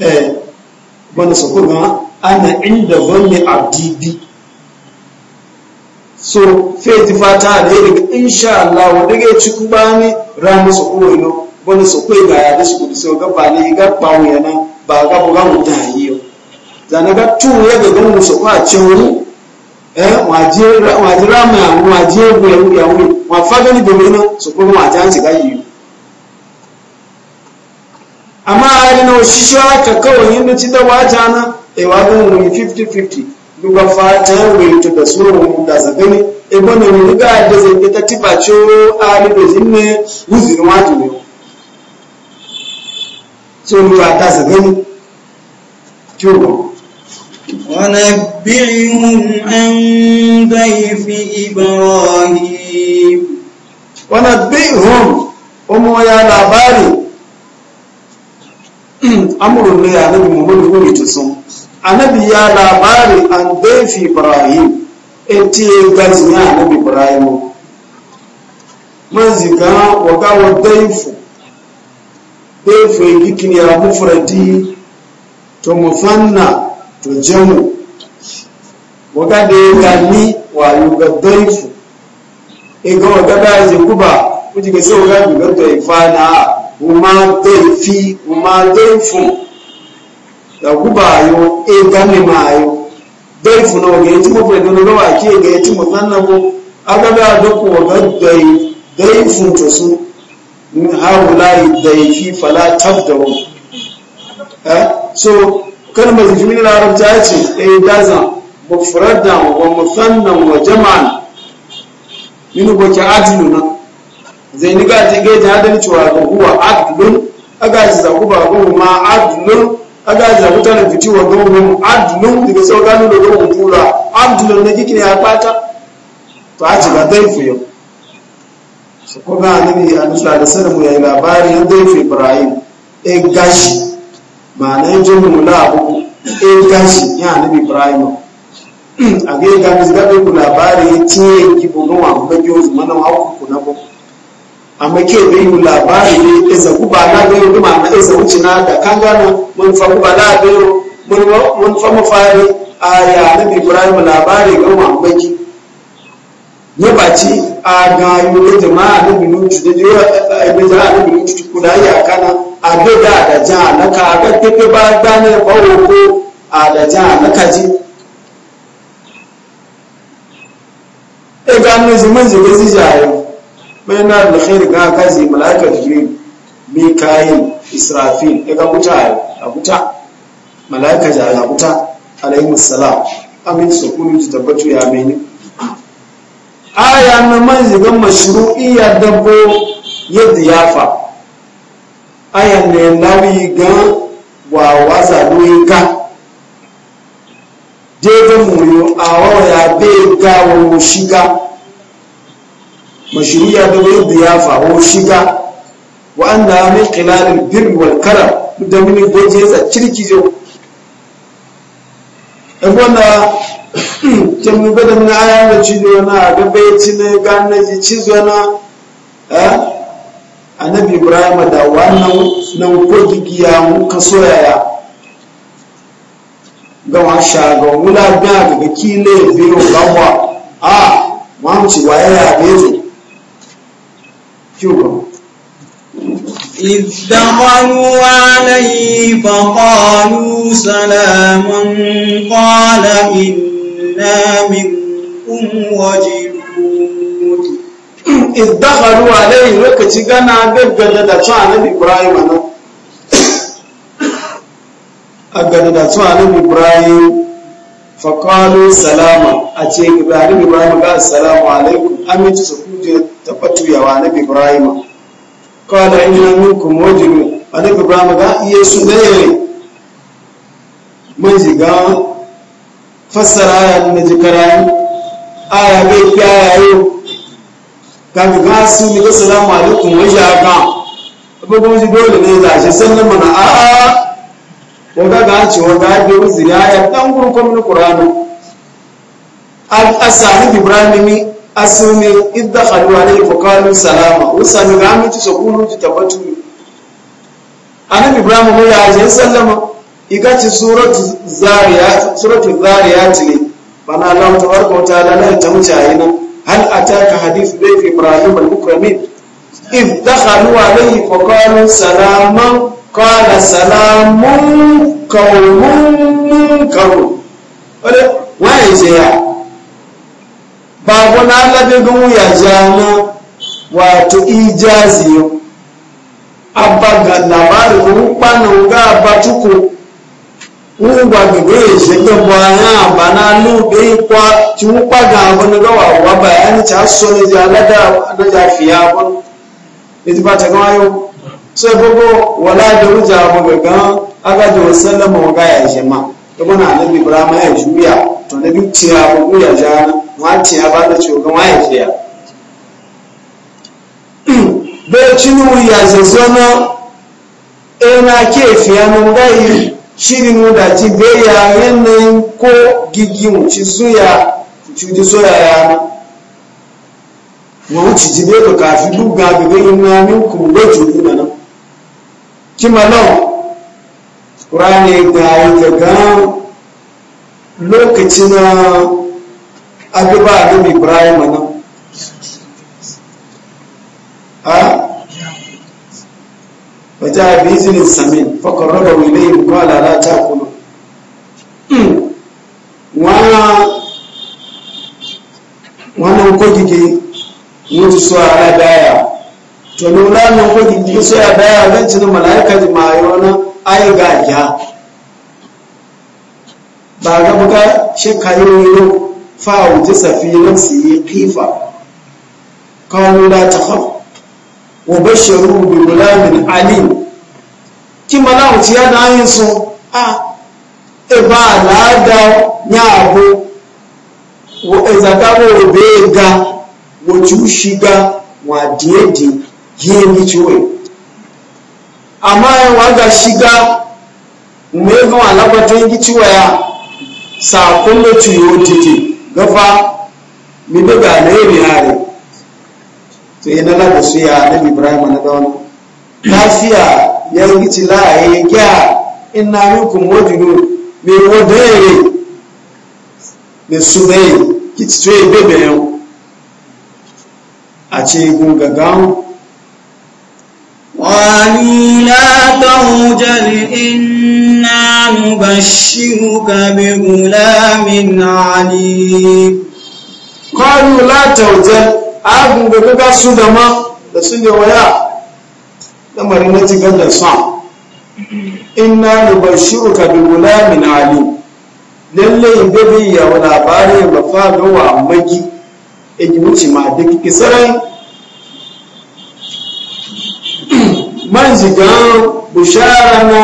eh su kuma ana inda zanni adidi so feti fata da ya daga insha Allah wanda ya ci kuma ni ranar su kuma ino wani su kai ga ya da su kudu sau gaba ne ga bawu yana ba ga buga mu da yiyo zana ga tu ya ga gani su kwa cewu eh waje waje rama waje ya wuya wuya wa fa gani domin su kuma wajen ci ga yiyo amma hari na shi haka kawai yadda ci da wata na ewa don wuri 50-50 duka fata wuri to da suru da zagani e a ne wuri ga da zai ta tiba ce hari da zinne wuzin wato ne so ruwa ta zagani kyau ونبئهم عن ضيف إبراهيم ونبئهم هم يا labari. amurin ne ya nabi muhammadu wuri ta sun annabi ya labari an daifi ibrahim in ti gazi ya annabi ibrahim man zika waga wa daifu daifu ya gikin ya mufradi to mufanna to jamu waga da ya gani wayo ga daifu in e ga waga da ya kuba kuji ga sai waga ga daifa na uma defi uma defu da gubayo e gani mayo defu na oge ti mo pẹ̀lú olówó àti èdè tí mo fẹ́ náwó agbábẹ́ àdókò ọ̀gá defu tó sún haru láì defi fàlá tabdawo so kalmar jimin larabta ce ɗaya dazan mufradan wa musannan wa jama'an nínú bọ̀kẹ́ adìlú náà zai ni gaji ta adalci cewa ga huwa adlun agaji za ku ba go ma adlun agaji za ku tana fiti wa go mu adlun daga sau gano da go tura adlun ne kike ya fata to a ji ga daifu yau su ko ga annabi annabi da sallallahu ya yi labari ya daifu ibrahim e gashi ma na yi jimu na abu e gashi ya annabi ibrahim a ga ga ga labari ya ce ki bugun wa ga gyo zuma na ku na bugun amma ke bai yi labari ne iza guba na bai duma na iza wuce na da kan gano mun fa guba na bai yi mun fa mu fari a ya nabi ibrahim labari ga mu ambaki ne ba ci a ga yi yule jama'a na binuci da jiya da jama'a na binuci kuda ya kana a bai da da ja na ka ga tafi ba da ne ba ko a da ja na ka ji e ga mun zuman zuwa zuwa yau bayan na alkhairi ga gazi malaika jibril mikail israfil ga kuta a kuta malaika ja a kuta alayhi salam amin su kunu ji tabbatu ya meni aya na man zigan mashru'iyya dabbo yadda ya fa aya ne lawi ga wa waza ka je ga mu a awawa ya be ga wo shiga mashruya da wani ya faho shiga wa anna min qilalil bir wal karam da mini goje za cirki jo dan wanda kin mu ga da mun aya da ci do na ga bayti ne ga na ji ci zo na eh? annabi ibrahim da wannan nan ko gigiya mu ka soyaya ga wa shaga wula ga daga kile biro gawa a ah, mamci waye ya bezo شوفوا إذ دخلوا عليه فقالوا سلاما قال إنا منكم وجلود إذ دخلوا عليه لوكتي غانا غغدا دا تو النبي إبراهيم أنا أغدا دا تو النبي إبراهيم faƙalu salama a ce ibrahim ibrahim ga salamu alaikum aminci su kuje tabbatu yawa na ibrahim kala ina mojinu a na ibrahim ga iya su ne mun ga fassara ayan na a aya bai kiyaye yayo ga su ne salamu alaikum wajaga abubuwan dole ne zashi sannan mana a'a waga ga ce waga da uzuri aya dan gurkon min qur'ani al asani ibrahimi asumi idda khalu alayhi fa qalu salama usani ga mu ci sokulu ci tabatu annabi ibrahim ko ya je sallama iga ci suratu zariyat suratu zariyat ne bana Allah tabaraka wa ta'ala na ta wuce ayi hal ataka hadith bayt ibrahim al-mukramin idda khalu alayhi fa qalu salama kọ́lá salamun kawunmunkaru wáyé ṣe yá babu na alábẹ́gun ya jana wato ijazi yau abaga labarin rupanin ga batuku ngwa gbogbo èṣe gbogbo àwọn àbáná lóògbé ipa tí wọ́n pàgà abọ́nilọ́wọ́ àwọn bàbá ẹni tí a sọ lójú aládàá sai gogo wala da ruja mu gaga aga da wasallama wa ga ya ma kuma na annabi ibrahim ya juya to na duk ciya ko ya jana ma ya ba da ciwo ga ya jiya bai cinu ya zazzona ina eh, ke fiya mun gai shirin mu da ji bai ya yanayin ko gigin ci suya cuji soya yana ma wuce ji bai ka kafi duk ga bai yin namin kuma bai cuji na nan kimalau rane ga yi daga lokaci na abubuwa adam ibrahim hmm. nan a wata bizinin samin fakon raba wilayin kwala na ta kuma wannan kogige mutu su a daya to lola na kudi ji so ya baya ganci na malaika ji ma yi wani ai ga ya ba ga buka shi kayi wani fa wuce safinan su yi kifa kawo la ta hau wa bashiru bi gulamin alim kí malaika ci ya na yin so a e ba alada nya abu wa ezagawo obe ga wojú ṣiga wà díẹ̀díẹ̀ gini ciwe amma yawa ga shiga mai gama labatin giciwa ya sakon da ciwo titi gafa mi daga na yi yare to yi na da su ya na ibrahim na dawon lafiya ya yi gici la'ayi gya ina minkum wajinu mai wadere ne su mai gici to yi bebe yau a ce gungagan أوجل إنا نبشرك بغلام عليم قالوا لا توجل أبن بكك سدما لسنجي ويا لما رمتي قد الصعب إنا نبشرك بغلام عليم lallai bebe ya wa labarin mafadowa magi in yi wuce ma da kisarai man zigan bishara na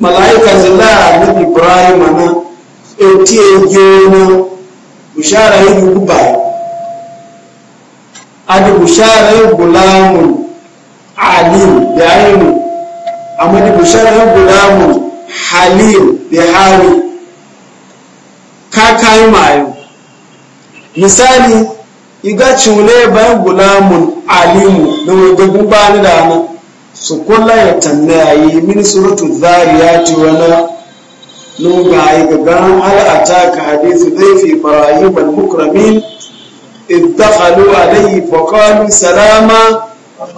mala'ika zila na ibrahim na eti ege na bishara yi guba adi bishara yi gulamun alim da ainu amma di bishara yi gulamun halim da hali kakai mayu. misali iga cule bayan gulamun alimu da wajen bani da nan su kula ya tannaya yi min suratu ce wani nuga yi gagan al'ata ka hadithu zai fi ibrahim al-mukramin idakhalu alayhi fa qalu salama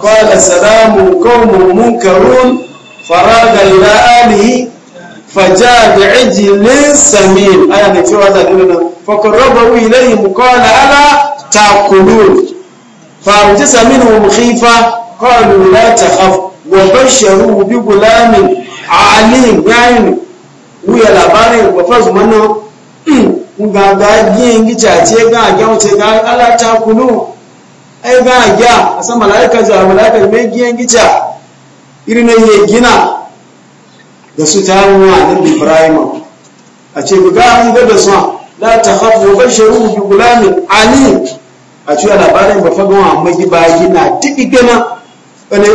qala salamu qawmun munkarun faraga ila alihi faja'a bi'ijlin samin ana ne cewa da nan فقربوا إليهم قال ألا تأكلون فأوجس منهم خيفة قالوا لا تخف وبشروا بغلام عليم يعني wuya labarin وفاز منه zuma nan ga ga yin gicace wuce ga ala ta ai ga ga a san malaika za malaika mai gica irin na iya gina da su ta a nan Ibrahim a ce ga an ga da su la ta hafu wa shari'u bi gulamin ali a cewa labarin ba fagon a magi ba yi na diki gana wani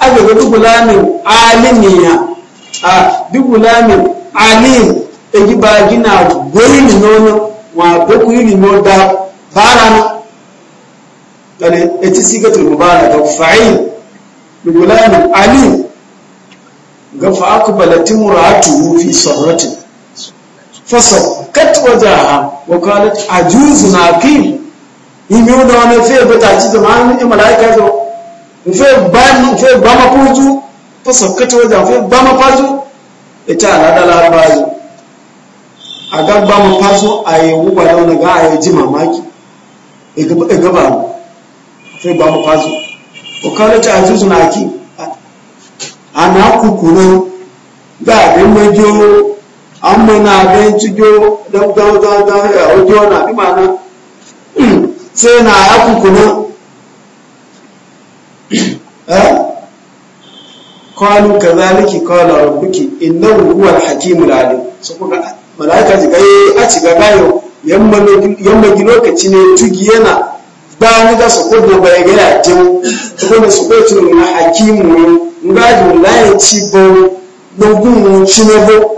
aga ga gulamin ya a bi gulamin ali ta gi ba gi na goyi ne nono wa boku yi ni no da bara na wani ba na da fa'i bi gulamin ali ga fa akbalatin ra'atuhu fi sarratin fasaukat wajaha wa qalat ajuzun aqim imi ona wani fe bata ci zamani e malaika zo fe ban fe ba ma kuju fasaukat wajaha fe ba ma ita alada la bazu aga ba ma fazu ayi wuba da wani ga ayi ji mamaki e ga ba fe ba ma fazu wa qalat ajuzun aqim ana kukuru ga abin majo amma na ben cijo da da da ya ojo na bi mana sai na ya kukuna eh qalu kadhalika qala rabbuki innahu huwa al-hakim al-alim so kuka malaika ji yi a ci ga gayo yamma gi lokaci ne tugi yana ba ni da su kudu bai ya gaya jin kuma su kwaito na hakimu mulali ngaji la ya ci bo dogun ci ne bo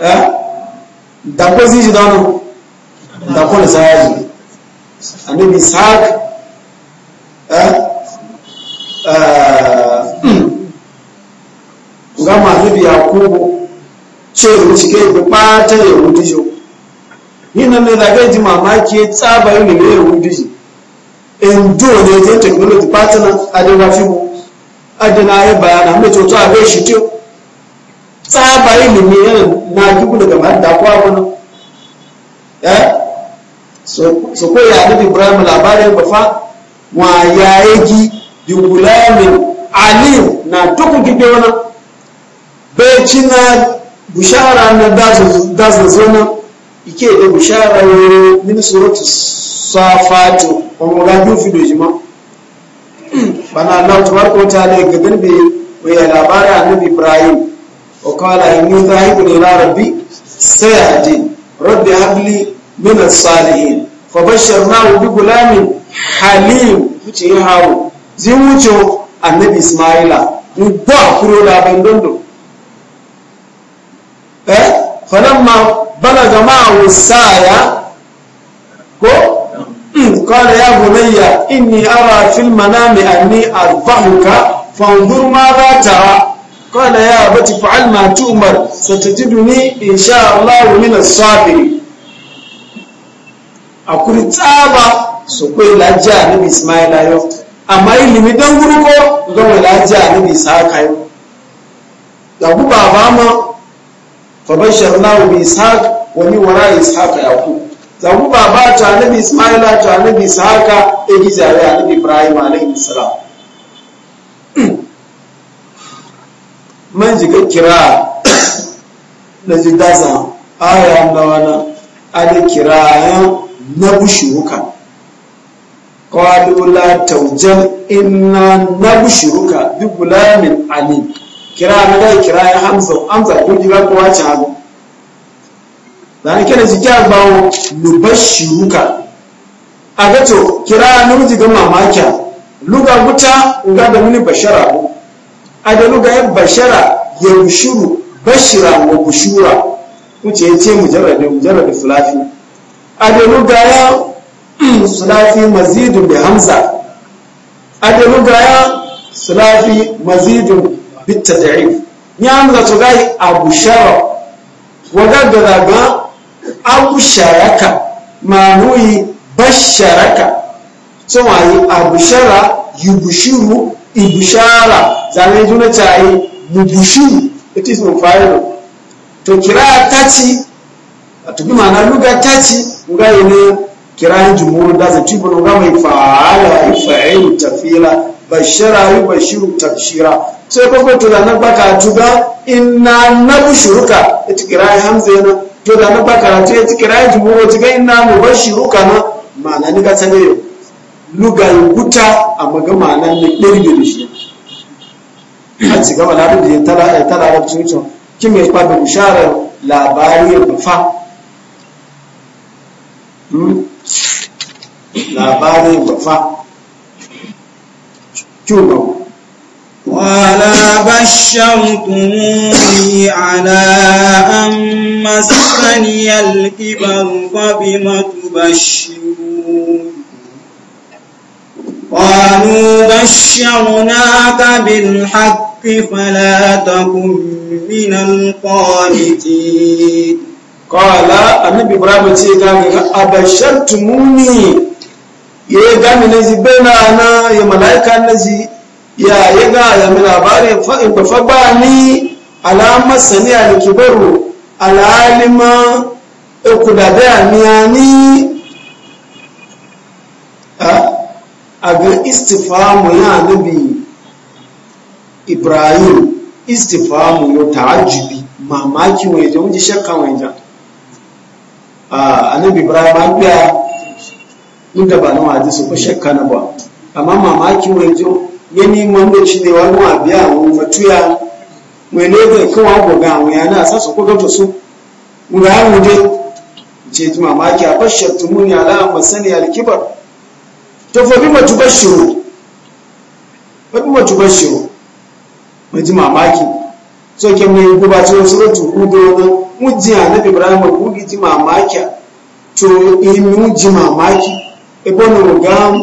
eh da ko zai ji dano da ko da sayaji annabi ishaq eh ga annabi yakubu ce cike da bata ya wuce shi yin nan ne da ga mamaki tsaba yin ne ya wuce shi in do ne technology partner adewa shi tsaba ilimi yau na gibu daga madda kwa wani ya so ko ya nabi ibrahim labarin ba fa wa yaye gi bi alim na tukun gibe wani beci na bushara na dazin zona ike da bushara yoro min suratu safatu wani rajin fido jima bana allah tubar kota ne gaban bai mai labarin annabi ibrahim وقال إني ذاهب إلى ربي سيهدي ربي هب لي من الصالحين فبشرناه بغلام حليم wuce ya hawo zai wuce annabi ismaila gbogbo akuro labin dondo eh falamma balaga قال يا بني إني أرى في المنام أني أذبحك فانظر ماذا ترى قال يا أبت فعل ما تؤمر ستجدني إن شاء الله من الصابرين akuri tsaba su kai laji ismaila yau amma ilimi dan gurgo zama laji annabi isaka ku baba ma fa basharnahu bi ishaq wa min wara ishaq yaqub ku baba e ibrahim man jiga kira na ji daza aya na wani ada kira yan na bushuruka qalu la tawjal inna na bushuruka bi gulamin alim kira na da kira ya hamza hamza ko jiga ko wace hago dan kira ji ga bawo bashi nubashiruka A to kira na ji ga mamakiya luga guta ga da mini bashara ko adalu ga bashara ya bushuru bashira wa bushura wuce ya ce mujarrabi mujarrabi fulafi adalu ga ya sulafi mazidun bi hamza adalu ga ya sulafi mazidun bi tad'if ya hamza to ga abushara wa ga ga abusharaka manuyi basharaka so wayi abushara yubushiru ibushara zane juna cayi mubushu it is mufayilo to kira tachi atubi mana lugha tachi ngai ne kira jumhur da za tibo no ngai faala ifailu tafila bashara yubashiru tabshira sai ko ko to da na baka tuga inna nabshuruka it kira hamza yana to da na baka to it kira jumhur to ga inna mubashiruka na mana ni ga tsaneyo Lugar wuta a magama nan ne ɗirge da shi a ci gaba na da ya tara ya tara da cucin kin mai kwabe bisharar labari ya bafa hmm? labari ya bafa kyau ولا بشرتموني على أن مسني الكبر فبم تبشرون قالوا بشرناك بالحق فلا تكن من القانتين قال النبي إبراهيم تيغاني أبشرتموني ya gami na ji bena na ya mala'ika na ji ya ya ga ya mi labarin fa'in ba fa ba ni a da da ni Aga istifamu ya nabi ibrahim istifamu ya ta'ajibi mamaki wajen wajen shakka wajen a ah, nabi ibrahim an biya inda ba na wajen su ko shakka na ba amma mamaki wajen ya neman da shi ne wani wa biya wa matuya mai lagos kawo goga wani yana sa su kogato su wuri hannu dai ce mamaki a fashe tumuni ala masani alkibar to fa bi matubashiru fa bi matubashiru ji mamaki so ke mu ku ba cikin suratu hudu mu ji annabi ibrahim ku ji mamaki to in eh, mu ji mamaki e eh, bono ga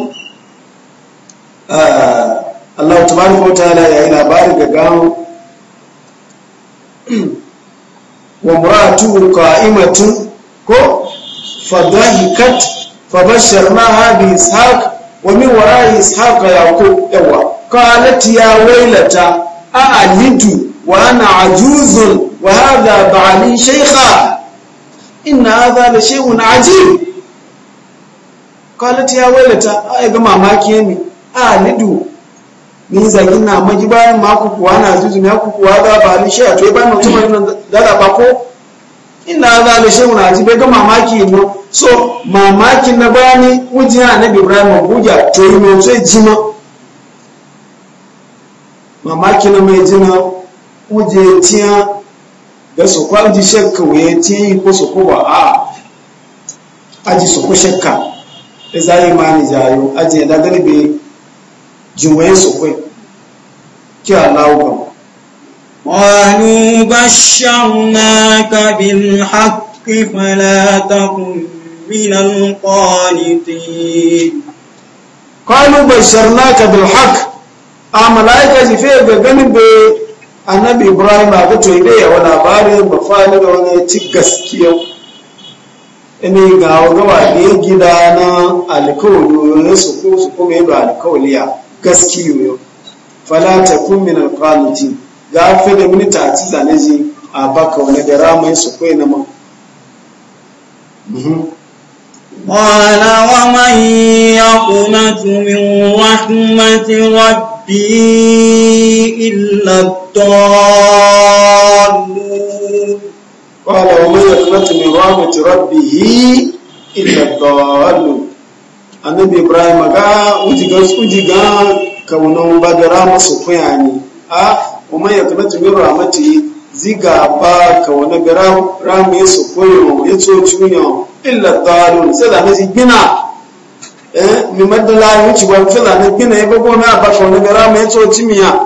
eh, Allah tabaraka wa ta'ala ya yi labarin ga gawo wa muratu qa'imatun ko fadahikat fabasharnaha bi ishaq wa min wara'i ya yaqub yawa qalat ya waylata a alidu wa ana ajuzun wa hadha ba'li shaykha inna hadha la shay'un ajib qalat ya waylata ai ga mamaki ne a alidu ni zagi na maji bayan mako kuwa na zuzu na kuwa za ba ni shi a to ba mutum da da ba ko Ina za a shehu na ji bai ga mamaki no so mamaki na bani wujin annabi ibrahim buja to yi mai so jima mamaki na mai jina wuje tiya da su kwanji shakka wuye tiya yi ko su kowa a aji su ko shakka da za yi mani jayo aji da galibi juwaye su kwai ki allahu gaba قالوا بشرناك بالحق فلا تكن من القانطين قالوا بشرناك بالحق a mala'ika jife ga ganin bai annabi ibrahim a ga toile ya wani labarin mafani da wani ci gaskiya ne ga gawa ne gida na alkawali su su falata kun min ga fe da mini ta ci zane ji a baka wani da ramai su kwai na ma قال ومن يقنت من رحمة ربي إلا الضالون قال ومن يقنت من رحمة ربه إلا الضالون annabi ibrahim ga ujiga ujiga kaunan badara masu kuyani a kuma ya kuma tumi ramati ziga ba ka wani ramu ya su koyo ya so cunyo illa tsaro sai da naji gina eh mi madala ya wuce ba fila na gina ya gbogbo na ba ka wani ramu ya so miya.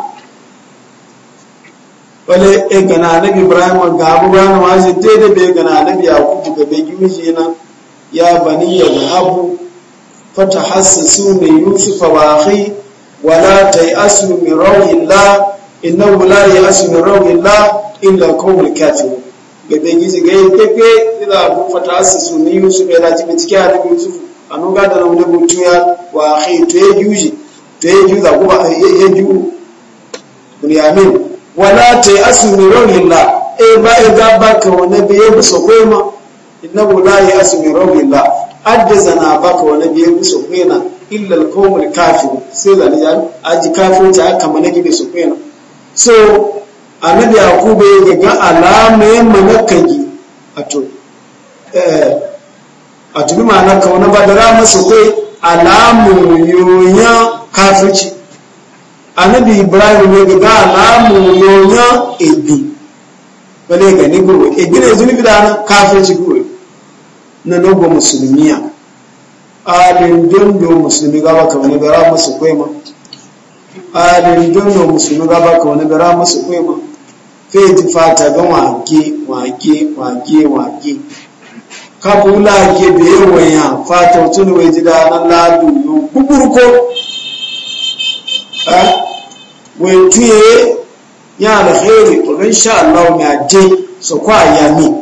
wale e gana anabi ibrahim ga abubuwa na ma sai bai gana annabi yakubu ga bai gimiji na ya bani ya abu hassasu min yusufa wa ahi wala ta yi tayasu rauhin la. innahu la ya'simu rawu illa illa qawmul kafirun bebe gizi gai pepe ila bu fata su ni yusuf ila ti bitike ala yusuf anu ga da lamu bu tuya wa akhi to ye yuji to ye ju da kuma ye ju bunyamin wala ta asmi rawilla e ba e ga ba ka wani biye bu so ma innahu la ya'simu rawilla adda zana ba ka wani biye bu so na illa al-qawmul kafir sai da ya aji kafir ta aka mana gibe so na so annabi yakubu ya ga alamayen manakagi a to eh, a tuni ma'ana kauna ba da rama su kai alamun yoyon kafirci annabi ibrahim ya ga alamun yoyon ebi wale ga ni gurbe ebi ne zunubi da kafirci gurbe na nogo musulmiya alin dondo musulmi gaba kamar rama su kai ma halin dunno musulmi gaba ka wani gara masu kwema feti fata ga wake wake wake wake kafin lage da yawon wanya, fata tun wai ji da nan ladu yau kukurko wai tuye ya alheri ɗorin sha Allah mai aje su kwa yami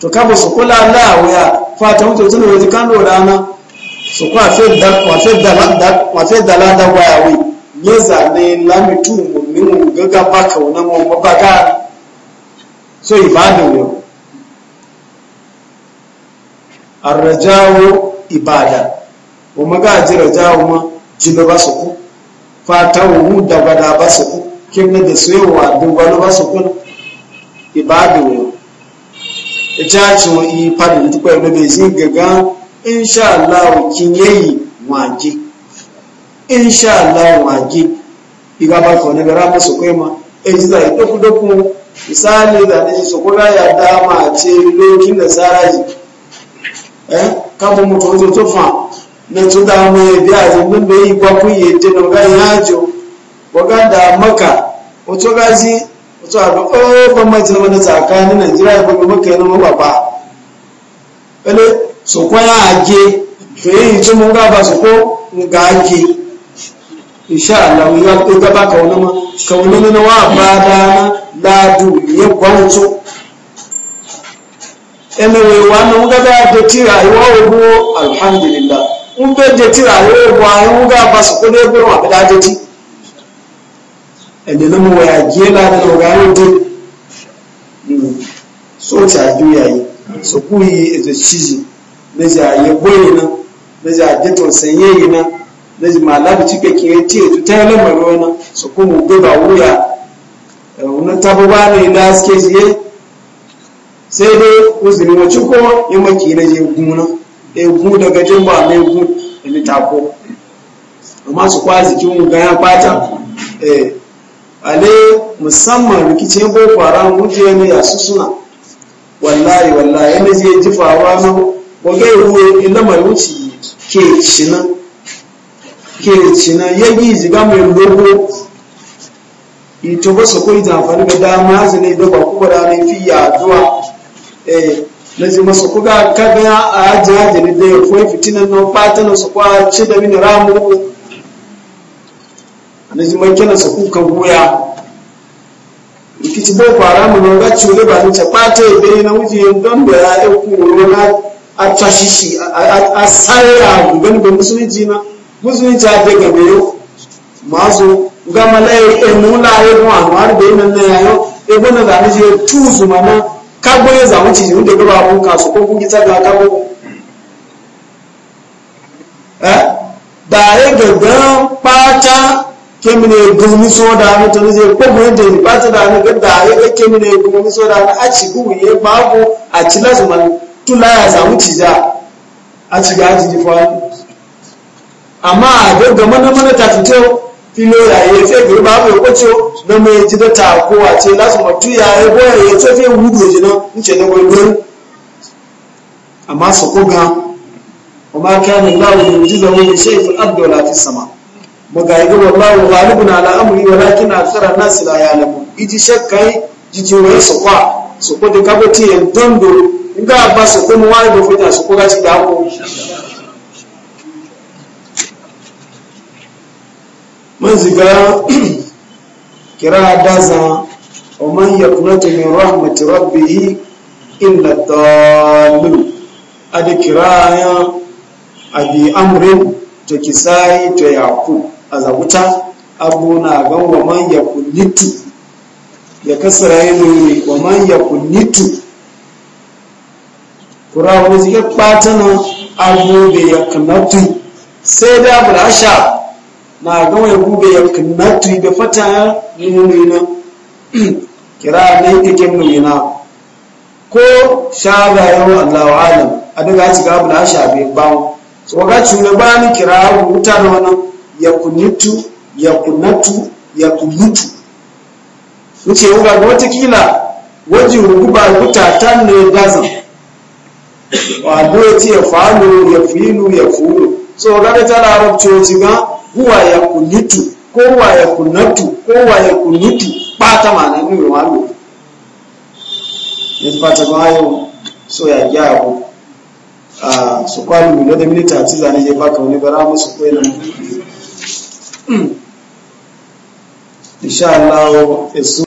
to kafin su kula Allah wuya, fata mutu tun wai ji kan rana So kwa fe da lada waya wai nyeza ne lamitumu mimu gaga baka unamo mabagani so ibada yo arrajawo ibada umagaji rajawo ma jido basuku fatawu da bada basuku kimne da soyewa dubalo basuku ibada yo itaci wa ipada da tukwa ibada bai zin gaga insha Allah kin yayi insha Allah wage iga ba ka ne gara masu kai ma e ji zai doku doku misali da ne su kuma ya dama ce lokacin da saraji eh mu mutu wajen fa. na to da mu ya biya zambin da yi ba ku yi je na ga yajo waga da maka wato gazi wato a ga o oh, ban mai tsama na tsakanin Najeriya ba ga maka yana mababa ele so kwaya age to yi tumun ga ba su ko mu ga age insha Allah ya ko gaba ka wani ma ka wani na wa ba da ladu ya gwanzo ene we wa na muga da da ti rayuwa ogo alhamdulillah un be je ti rayuwa ogo ayi ba su ko ne gurin wa da je ti ene na mu wa ya je la da ga yo ti hmm. so ti aju ya yi so ku yi e je chizi ja ye boye na ne ja je to senye yi na na ji cike cika ke ce tu ta yi lamar wani su kuma gaba wuya wani ta ba ne na suke shi sai dai uzuri wacce ko ya maki na je guna egu daga jin ba na egu da litako amma su kwazi kin ga ya fata eh ale musamman rikicin boko haram mutane ne ya su suna wallahi wallahi yana je jifawa na ko ga ruwa inda mai wuce ke shi nan keci na yagi ziga mai logo ito ba su kuri zamfani da dama ne da ba kuma ranar fi yaduwa na zima su kuga kaga a ajiya ne da ya kuwa fitinan nan fatan su kwa ci da mini ramu na zima kina su kuka goya rikici boko haramu na ga cule ba nice fata ya bere na wuce don da ya yi kuro na a tashishi a sarari a gugan da musulunci na musulunci a daga biyu masu gama laye enula eh, ya kuma alwari da yanar na eh, yayo ya gwana zane shi tu su mana kagbo ya zama ci jiru da gaba abun kasu ko kun gita ga kagbo eh? da ya gaga kemi ne gumi so da ni ta nije ko gumi da ni pata da ni gada ya ga ne gumi so da ni a ci gumi ya babu a ci lasu mana tula ya zama ci da a ci gaji ji fa amma a gagga mana mana ta fito filo ya yi fe gari ba mai kwace na mai ji ta kowa ce lasu matu ya yi goya ya ce fe wudo ji nan in ce na gwaiwai amma su koga kuma kan Allah da mujiza wani shayfin fi sama yi gaba ala iji shakkai jiji wai su kwa su ko da kabati dondo in ga ba su kuma wani da fita su koga ci da ko man ziga kira daza wa man yaqnatu min rahmati rabbih illa dalil adi kiraya abi amrin to kisai to yaku azabuta abuna ga wa man yakunnitu ya kasara yin wa man yakunnitu kura ko zike abu sai da na ga wai gube ya kinna tu be fata nuna kira ne yake nuna ko shaga yau Allahu alam a daga ci gabu da shabe bawo so ga cune ba ni kira wuta na ya kunitu ya kunatu ya kunutu wuce yau ga wata kila waje ruguba wuta tan ne dazan wa doye ya falo ya filu ya fulu so ga ta larabci ga huwa ya kunitu ko huwa ya kunatu ko huwa ya kunitu bata mana ni ruwa lo ni bata ba yo so ya ja ko ah so kwalu mi lo minita ti zane je baka ni bara mu ko ina hmm. insha Allah